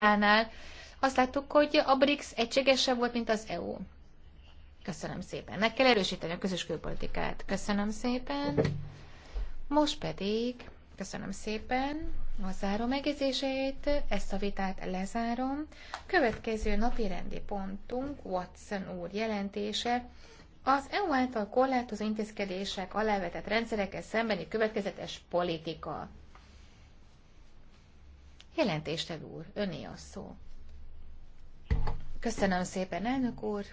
Kanadánál azt láttuk, hogy a BRICS egységesebb volt, mint az EU. Köszönöm szépen. Meg kell erősíteni a közös külpolitikát. Köszönöm szépen. Most pedig, köszönöm szépen, a záró megjegyzéseit, ezt a vitát lezárom. Következő napi rendi pontunk Watson úr jelentése, az EU által korlátozó intézkedések alávetett rendszerekkel szembeni következetes politika. Jelentéstevő úr, öné a szó. Köszönöm szépen, elnök úr.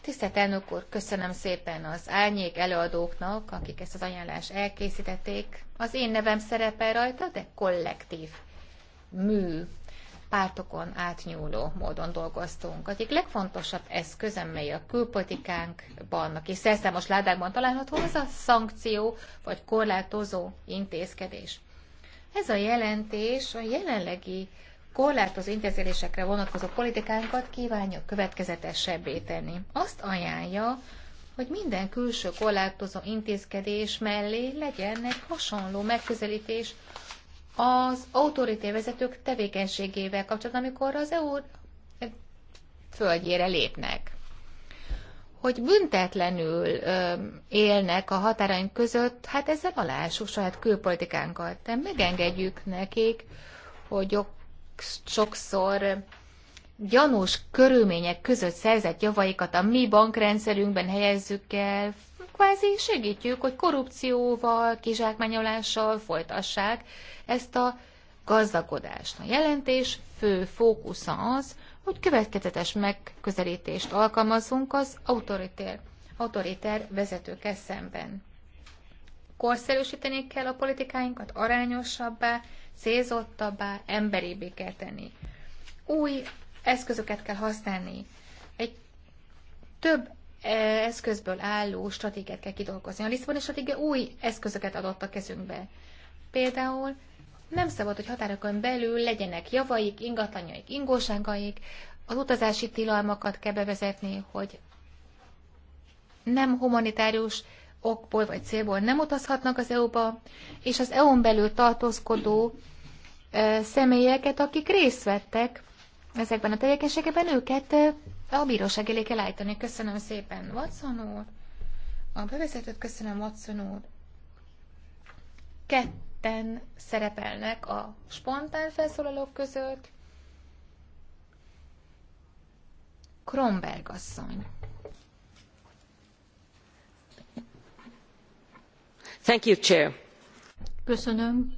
Tisztelt elnök úr, köszönöm szépen az álnyék előadóknak, akik ezt az ajánlást elkészítették. Az én nevem szerepel rajta, de kollektív mű pártokon átnyúló módon dolgoztunk. Egyik legfontosabb eszköz, amely a külpolitikánkban, aki szerszámos ládákban található, az a szankció vagy korlátozó intézkedés. Ez a jelentés a jelenlegi korlátozó intézkedésekre vonatkozó politikánkat kívánja következetesebbé tenni. Azt ajánlja, hogy minden külső korlátozó intézkedés mellé legyen egy hasonló megközelítés az autoritér vezetők tevékenységével kapcsolatban, amikor az EU földjére lépnek hogy büntetlenül ö, élnek a határaink között, hát ezzel alássuk saját külpolitikánkat. De megengedjük nekik, hogy sokszor gyanús körülmények között szerzett javaikat a mi bankrendszerünkben helyezzük el, kvázi segítjük, hogy korrupcióval, kizsákmányolással folytassák ezt a gazdagodást. A jelentés fő fókusza az, hogy következetes megközelítést alkalmazzunk az autoritér, autoriter vezetőkkel szemben. Korszerűsíteni kell a politikáinkat, arányosabbá, célzottabbá, emberibbé kell tenni. Új eszközöket kell használni. Egy több e, eszközből álló stratégiát kell kidolgozni. A Lisszaboni stratégia új eszközöket adott a kezünkbe. Például nem szabad, hogy határokon belül legyenek javaik, ingatlanjaik, ingóságaik, az utazási tilalmakat kell bevezetni, hogy nem humanitárius okból vagy célból nem utazhatnak az EU-ba, és az EU-n belül tartózkodó személyeket, akik részt vettek ezekben a tevékenységekben, őket a bíróság elé kell állítani. Köszönöm szépen, Watson úr. A bevezetőt köszönöm, Watson úr. Kettő ketten szerepelnek a spontán felszólalók között. Kromberg asszony. Thank you, Chair. Köszönöm,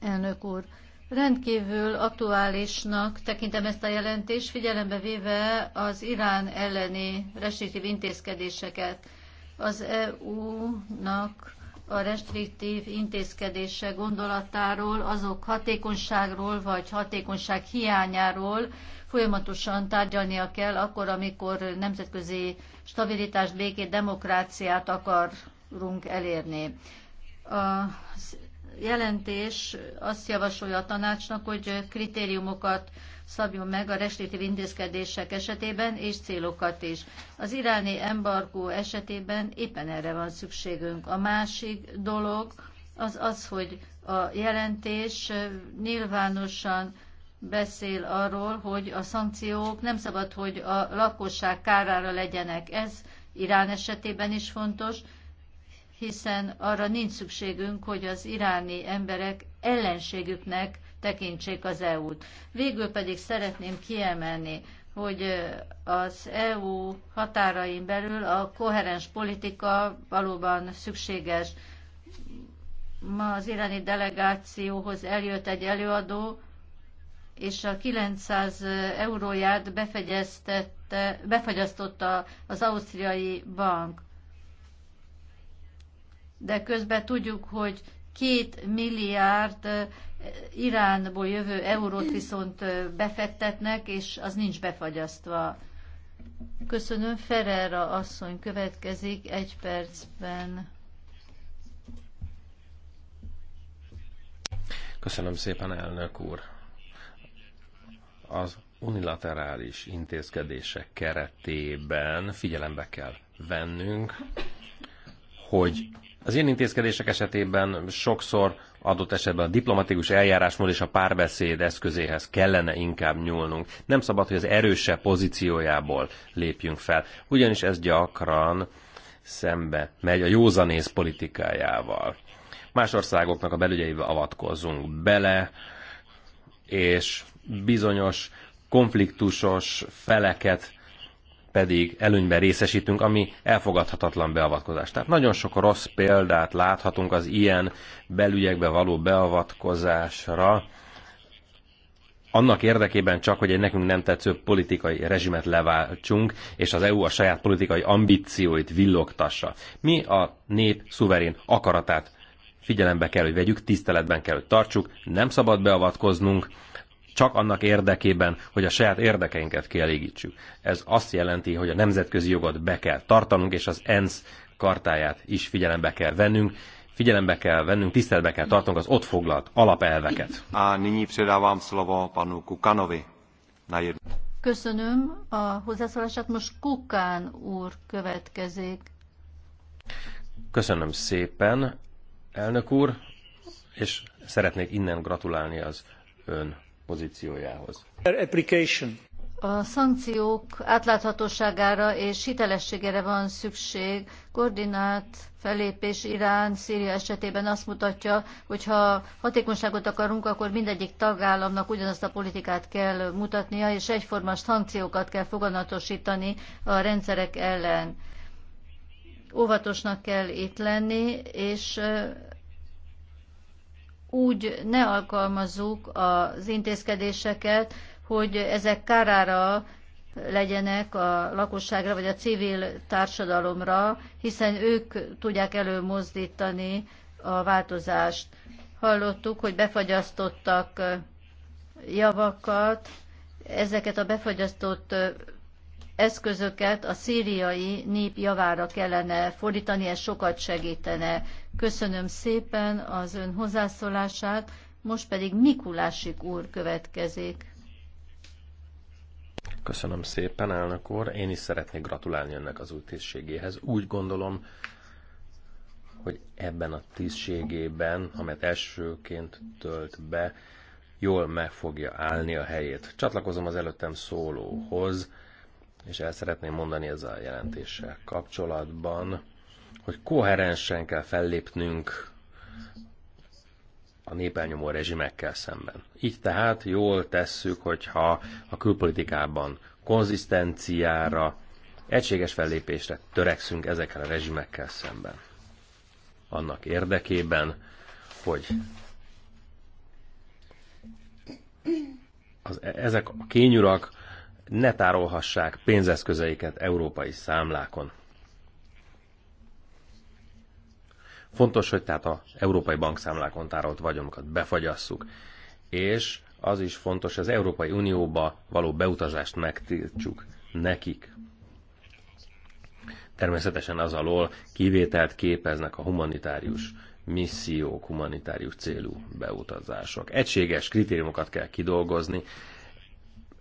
elnök úr. Rendkívül aktuálisnak tekintem ezt a jelentést, figyelembe véve az Irán elleni restriktív intézkedéseket. Az EU-nak a restriktív intézkedése gondolatáról, azok hatékonyságról vagy hatékonyság hiányáról folyamatosan tárgyalnia kell akkor, amikor nemzetközi stabilitást, békét, demokráciát akarunk elérni. Az jelentés azt javasolja a tanácsnak, hogy kritériumokat szabjon meg a restriktív intézkedések esetében, és célokat is. Az iráni embargó esetében éppen erre van szükségünk. A másik dolog az az, hogy a jelentés nyilvánosan beszél arról, hogy a szankciók nem szabad, hogy a lakosság kárára legyenek. Ez Irán esetében is fontos, hiszen arra nincs szükségünk, hogy az iráni emberek ellenségüknek tekintsék az EU-t. Végül pedig szeretném kiemelni, hogy az EU határain belül a koherens politika valóban szükséges. Ma az iráni delegációhoz eljött egy előadó, és a 900 euróját befagyasztotta az ausztriai bank de közben tudjuk, hogy két milliárd Iránból jövő eurót viszont befektetnek, és az nincs befagyasztva. Köszönöm, Ferrera asszony következik egy percben. Köszönöm szépen, elnök úr. Az unilaterális intézkedések keretében figyelembe kell vennünk, hogy az ilyen intézkedések esetében sokszor adott esetben a diplomatikus eljárásmód és a párbeszéd eszközéhez kellene inkább nyúlnunk. Nem szabad, hogy az erősebb pozíciójából lépjünk fel, ugyanis ez gyakran szembe megy a józanész politikájával. Más országoknak a belügyeibe avatkozzunk bele, és bizonyos konfliktusos feleket pedig előnyben részesítünk, ami elfogadhatatlan beavatkozás. Tehát nagyon sok rossz példát láthatunk az ilyen belügyekbe való beavatkozásra, annak érdekében csak, hogy egy nekünk nem tetsző politikai rezsimet leváltsunk, és az EU a saját politikai ambícióit villogtassa. Mi a nép szuverén akaratát figyelembe kell, hogy vegyük, tiszteletben kell, hogy tartsuk, nem szabad beavatkoznunk, csak annak érdekében, hogy a saját érdekeinket kielégítsük. Ez azt jelenti, hogy a nemzetközi jogot be kell tartanunk, és az ENSZ kartáját is figyelembe kell vennünk, figyelembe kell vennünk, tiszteletbe kell tartanunk az ott foglalt alapelveket. A nyní předávám slovo panu Kukanovi. Köszönöm a hozzászólását. Most Kukán úr következik. Köszönöm szépen, elnök úr, és szeretnék innen gratulálni az ön pozíciójához. A szankciók átláthatóságára és hitelességére van szükség. Koordinált fellépés Irán, Szíria esetében azt mutatja, hogy ha hatékonyságot akarunk, akkor mindegyik tagállamnak ugyanazt a politikát kell mutatnia, és egyforma szankciókat kell foganatosítani a rendszerek ellen. Óvatosnak kell itt lenni, és úgy ne alkalmazzuk az intézkedéseket, hogy ezek kárára legyenek a lakosságra vagy a civil társadalomra, hiszen ők tudják előmozdítani a változást. Hallottuk, hogy befagyasztottak javakat, ezeket a befagyasztott eszközöket a szíriai nép javára kellene fordítani, ez sokat segítene. Köszönöm szépen az ön hozzászólását, most pedig Mikulásik úr következik. Köszönöm szépen, elnök úr. Én is szeretnék gratulálni önnek az új tisztségéhez. Úgy gondolom, hogy ebben a tisztségében, amelyet elsőként tölt be, jól meg fogja állni a helyét. Csatlakozom az előttem szólóhoz és el szeretném mondani ezzel a jelentéssel kapcsolatban, hogy koherensen kell fellépnünk a népelnyomó rezsimekkel szemben. Így tehát jól tesszük, hogyha a külpolitikában konzisztenciára, egységes fellépésre törekszünk ezekkel a rezsimekkel szemben. Annak érdekében, hogy az, e- ezek a kényurak ne tárolhassák pénzeszközeiket európai számlákon. Fontos, hogy tehát a európai bankszámlákon tárolt vagyonokat befagyasszuk, és az is fontos, az Európai Unióba való beutazást megtiltsuk nekik. Természetesen az alól kivételt képeznek a humanitárius missziók, humanitárius célú beutazások. Egységes kritériumokat kell kidolgozni,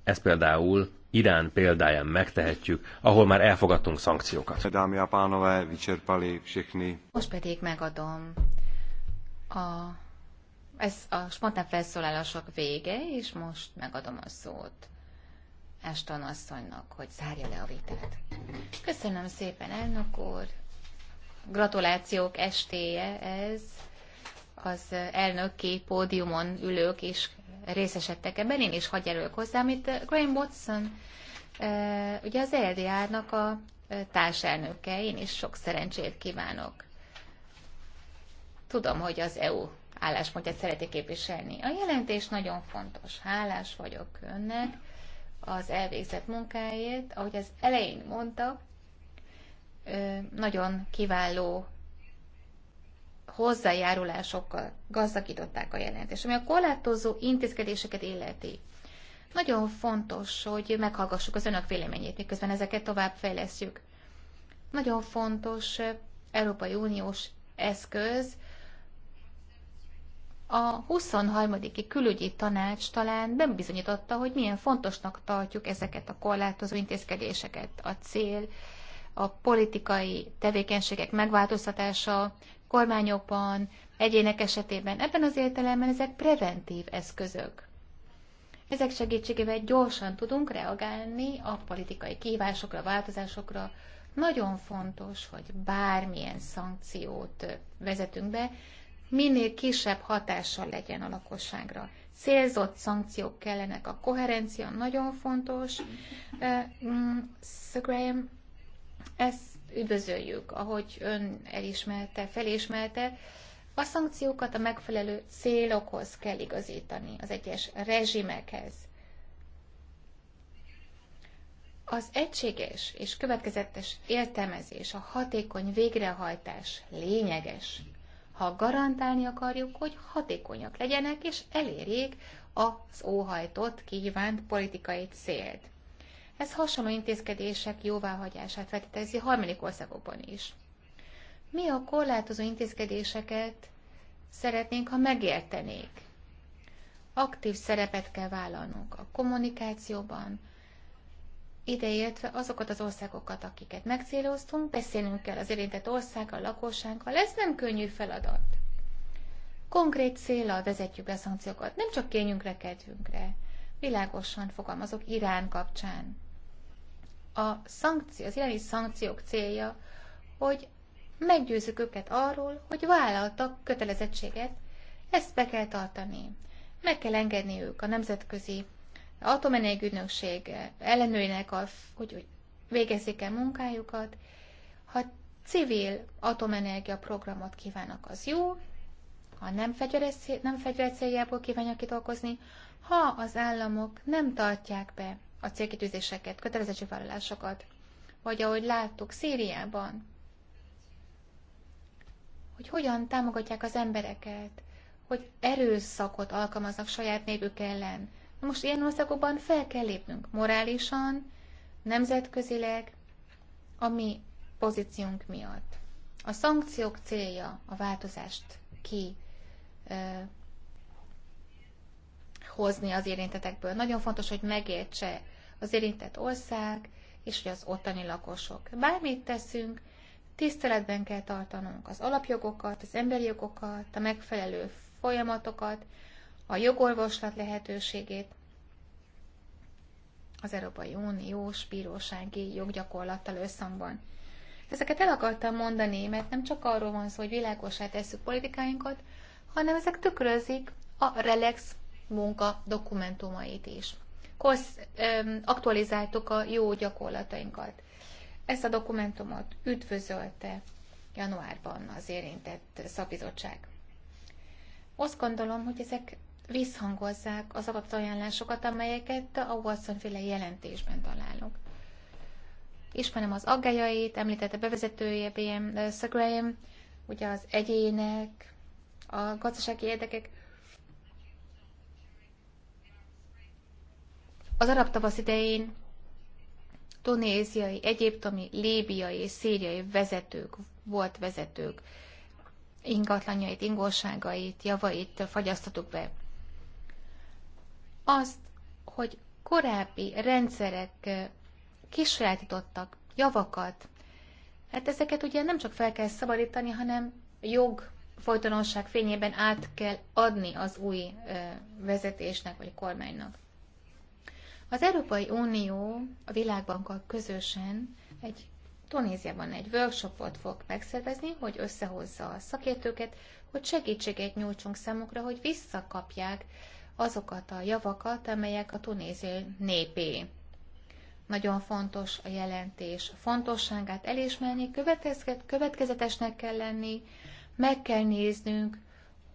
ez például Irán példáján megtehetjük, ahol már elfogadtunk szankciókat. Dámy a pánové, všechny. Most pedig megadom a, ez a spontán felszólalások vége, és most megadom a szót Eston asszonynak, hogy zárja le a vitát. Köszönöm szépen, elnök úr. Gratulációk estéje ez az elnöki pódiumon ülők és részesedtek ebben, én is hagy jelölök hozzá, amit eh, Graham Watson, eh, ugye az LDR-nak a eh, társelnöke, én is sok szerencsét kívánok. Tudom, hogy az EU álláspontját szereti képviselni. A jelentés nagyon fontos. Hálás vagyok önnek az elvégzett munkáért. Ahogy az elején mondta, nagyon kiváló hozzájárulásokkal gazdagították a jelentést. Ami a korlátozó intézkedéseket illeti, nagyon fontos, hogy meghallgassuk az önök véleményét, miközben ezeket tovább fejlesztjük. Nagyon fontos eh, Európai Uniós eszköz, a 23. külügyi tanács talán bizonyította, hogy milyen fontosnak tartjuk ezeket a korlátozó intézkedéseket. A cél, a politikai tevékenységek megváltoztatása, kormányokban, egyének esetében. Ebben az értelemben ezek preventív eszközök. Ezek segítségével gyorsan tudunk reagálni a politikai kívásokra, változásokra. Nagyon fontos, hogy bármilyen szankciót vezetünk be, minél kisebb hatással legyen a lakosságra. Célzott szankciók kellenek, a koherencia nagyon fontos. Uh, Graham, ezt üdvözöljük, ahogy ön elismerte, felismerte, a szankciókat a megfelelő célokhoz kell igazítani, az egyes rezsimekhez. Az egységes és következetes értelmezés, a hatékony végrehajtás lényeges, ha garantálni akarjuk, hogy hatékonyak legyenek és elérjék az óhajtott, kívánt politikai célt. Ez hasonló intézkedések jóváhagyását feltételezi harmadik országokban is. Mi a korlátozó intézkedéseket szeretnénk, ha megértenék? Aktív szerepet kell vállalnunk a kommunikációban, ideértve azokat az országokat, akiket megcéloztunk, beszélnünk kell az érintett országgal, lakossággal, ez nem könnyű feladat. Konkrét célra vezetjük be a szankciókat, nem csak kényünkre, kedvünkre. Világosan fogalmazok Irán kapcsán. A szankció, az iráni szankciók célja, hogy meggyőzzük őket arról, hogy vállaltak kötelezettséget, ezt be kell tartani. Meg kell engedni ők a nemzetközi atomenergügynökség ellenőrinek, hogy, hogy végezzék el munkájukat. Ha civil atomenergia programot kívánnak, az jó, ha nem fegyveres, nem fegyver céljából kívánja kidolgozni, ha az államok nem tartják be a célkitűzéseket, kötelezettségvállalásokat, vagy ahogy láttuk Szíriában, hogy hogyan támogatják az embereket, hogy erőszakot alkalmaznak saját népük ellen. Na most ilyen országokban fel kell lépnünk morálisan, nemzetközileg, a mi pozíciónk miatt. A szankciók célja a változást ki hozni az érintetekből. Nagyon fontos, hogy megértse az érintett ország, és hogy az ottani lakosok. Bármit teszünk, tiszteletben kell tartanunk az alapjogokat, az emberi jogokat, a megfelelő folyamatokat, a jogorvoslat lehetőségét, az Európai Uniós bírósági joggyakorlattal összhangban. Ezeket el akartam mondani, mert nem csak arról van szó, hogy világosá tesszük politikáinkat, hanem ezek tükrözik a relax munka dokumentumait is. Kosz, aktualizáltuk a jó gyakorlatainkat. Ezt a dokumentumot üdvözölte januárban az érintett szabizottság. Azt gondolom, hogy ezek visszhangozzák az ajánlásokat, amelyeket a Watson-féle jelentésben találunk. Ismerem az aggájait, említette bevezetője BM Graham, ugye az egyének, a gazdasági érdekek Az arab tavasz idején tunéziai, egyiptomi, líbiai és szíriai vezetők, volt vezetők ingatlanjait, ingóságait, javait fagyasztatuk be. Azt, hogy korábbi rendszerek eh, kisajátítottak javakat, hát ezeket ugye nem csak fel kell szabadítani, hanem jog folytonosság fényében át kell adni az új eh, vezetésnek vagy kormánynak. Az Európai Unió a világbankkal közösen egy Tunéziában egy workshopot fog megszervezni, hogy összehozza a szakértőket, hogy segítséget nyújtsunk számukra, hogy visszakapják azokat a javakat, amelyek a tunézi népé. Nagyon fontos a jelentés fontosságát elismerni, következetesnek kell lenni, meg kell néznünk,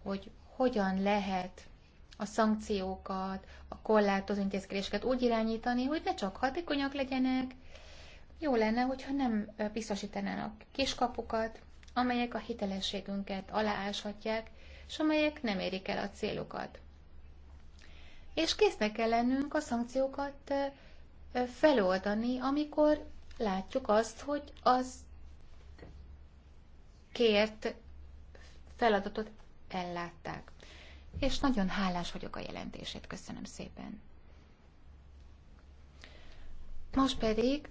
hogy hogyan lehet a szankciókat, a korlátozó intézkedéseket úgy irányítani, hogy ne csak hatékonyak legyenek, jó lenne, hogyha nem biztosítanának kiskapukat, amelyek a hitelességünket alááshatják, és amelyek nem érik el a célokat. És késznek kell lennünk a szankciókat feloldani, amikor látjuk azt, hogy az kért feladatot ellátták és nagyon hálás vagyok a jelentését. Köszönöm szépen. Most pedig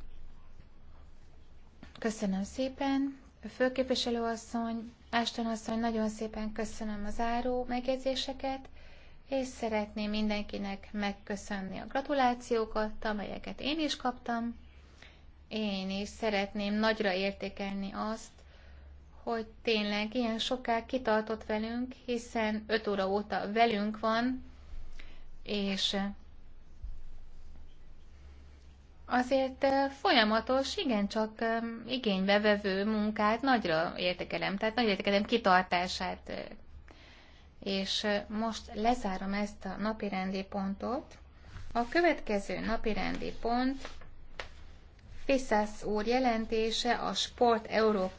köszönöm szépen, főképviselő asszony, Ashton asszony, nagyon szépen köszönöm az áró megjegyzéseket, és szeretném mindenkinek megköszönni a gratulációkat, amelyeket én is kaptam. Én is szeretném nagyra értékelni azt, hogy tényleg ilyen soká kitartott velünk, hiszen 5 óra óta velünk van, és azért folyamatos, igencsak igénybevevő munkát nagyra értekelem, tehát nagy értekelem kitartását. És most lezárom ezt a napirendi pontot. A következő napirendi pont Fiszász úr jelentése a Sport Európa